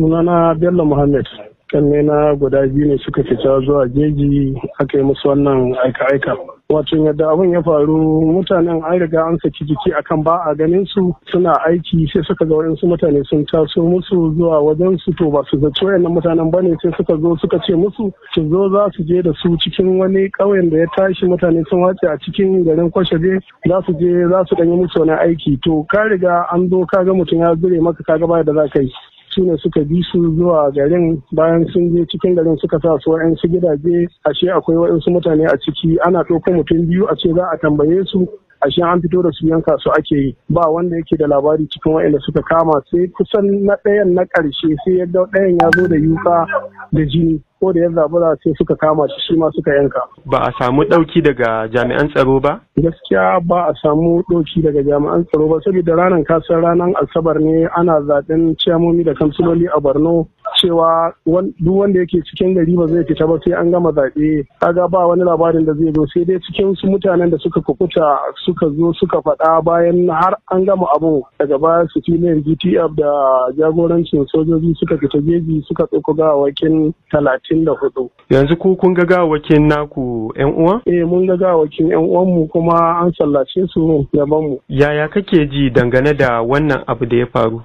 sunana bello muhammad kanne na guda biyu ne suka fita zuwa jeji aka yi musu wannan aika-aika wato yadda abin ya faru mutanen an riga an saki jiki akan ba a ganin su suna aiki sai suka ga waɗansu mutane sun taso musu zuwa wajen su to ba su zaci yana mutanen ba ne sai suka zo suka ce musu su zo za su je da su cikin wani ƙauyen da ya tashi mutane sun wace a cikin garin kwashebe za su je za su ɗanyi musu wani aiki to ka riga an zo ka ga mutum ya zure maka ka ga ba da za ka yi su ne suka bi su zuwa garin bayan sun je cikin garin suka sa su wa'yansu gidaje ashe akwai waɗansu mutane a ciki ana ɗauko mutum biyu a ce za a tambaye su ashe an fito da su yanka su ake yi ba wanda yake da labari cikin wa'anda suka kama sai kusan na ɗayan na ƙarshe sai yadda ɗayan ya zo da yuka da jini ko da ya zabura sai suka kama shi shi ma suka yanka. Ba a samu ɗauki daga jami'an tsaro ba? Gaskiya ba a samu ɗauki daga jami'an tsaro ba saboda ranar kasar ranar Asabar ne ana zaɓen ciyamomi da kamsiloli a Borno cewa duk wanda yake cikin gari ba zai fita ba sai an gama zaɓe kaga ba wani labarin da zai zo sai dai cikin su mutanen da suka kukuta suka zo suka faɗa bayan har an gama abu daga baya su filin gtf da jagorancin sojoji suka fita jeji suka tsoko gawakin talatin da hudu yanzu ko kun ga gawakin naku yan uwa eh mun ga gawakin yan uwanmu kuma an sallace su gaban mu yaya kake ji dangane da wannan abu da ya faru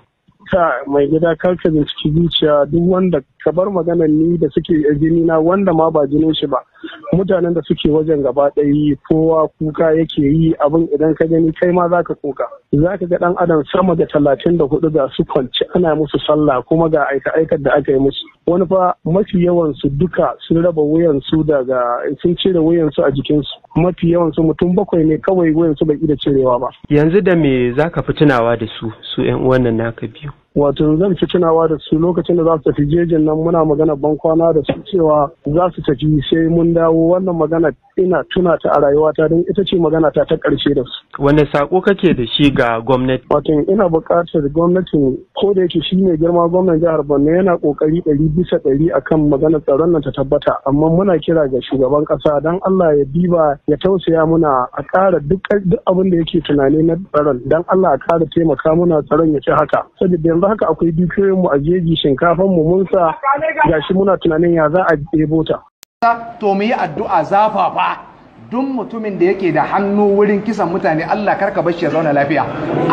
ka mai gida kar ka binciki zuciya duk wanda ka bar maganan ni da suke jini na wanda ma ba jinin shi ba mutanen da suke wajen gaba ɗaya kowa kuka yake yi abin idan ka gani kai ma zaka kuka zaka ga dan adam sama da talatin da hudu ga su kwanci ana musu sallah kuma ga aika aikar da aka yi musu wani fa mafi yawan su duka sun raba wuyansu, su daga sun cire wuyansu a jikin su mafi yawan mutum bakwai ne kawai wuyan su bai iya cirewa ba yanzu da me zaka fi tunawa da su su yan uwan na naka biyu wato zan fi tunawa da su lokacin da za su tafi jejin nan muna magana ban kwana da su cewa za su tafi sai mun dawo wannan magana ina tuna ta a rayuwata don ita ce magana ta ta ƙarshe da su. wani sako kake da shi ga gwamnati? Wato ina buƙatar gwamnatin ko da yake shi mai girma gwamnan jihar borno yana kokari ɗari bisa ɗari akan maganar tsaron nan ta tabbata amma muna kira ga shugaban ƙasa don allah ya diba ya tausaya muna a ƙara duk abin da yake tunani na tsaron don allah a ƙara taimaka muna tsaron ya ci haka saboda yanzu haka akwai dukiyoyin mu a jeji shinkafan mu mun sa gashi muna tunanin ya za a ɗebo ta. to mu yi addu'a zafafa Dun mutumin da yake da hannu wurin kisan mutane Allah karka bar shi ya zauna lafiya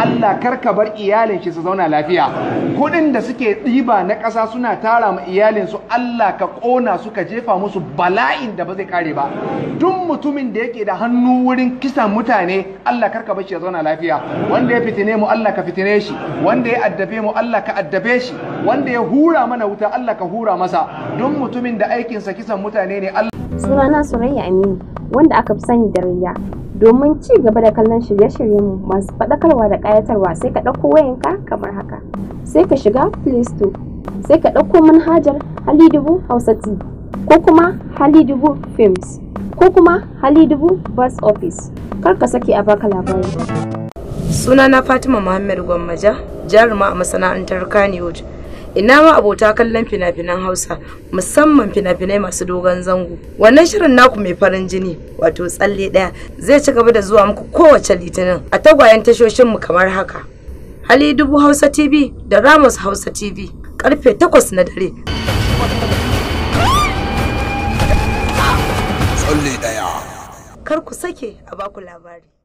Allah karka bar iyalin shi su zauna lafiya kudin da suke tsiba na ƙasa suna tara ma iyalin su Allah ka kona suka jefa musu bala'in da ba zai kare ba duk mutumin da yake da hannu wurin kisan mutane Allah karka bar shi ya zauna lafiya wanda ya fitine mu Allah ka fitine shi wanda ya addabe mu Allah ka addabe shi wanda ya hura mana wuta Allah ka hura masa duk mutumin da aikinsa kisan mutane ne Allah Sunana Surayya Aminu wanda aka fi sani da Rayya. Domin ci gaba da kallon shirye-shiryenmu masu faɗakarwa da ƙayatarwa sai ka ɗauko wayanka kamar haka. Sai ka shiga Play Store, sai ka ɗauko manhajar Halidubu Hausa TV ko kuma Halidubu Films ko kuma Halidubu Bus Office. Kar ka sake a baka labari. Sunana Fatima Muhammad Gwammaja, jaruma a masana'antar Kannywood. ina ma abota kallon fina-finan hausa musamman fina-finai masu dogon zango wannan shirin naku mai farin jini wato tsalle ɗaya zai ci gaba da zuwa muku kowace litinin a tagwayen tashoshin mu kamar haka hali dubu hausa tv da ramos hausa tv karfe 8 na dare tsalle ɗaya kar ku sake a baku labari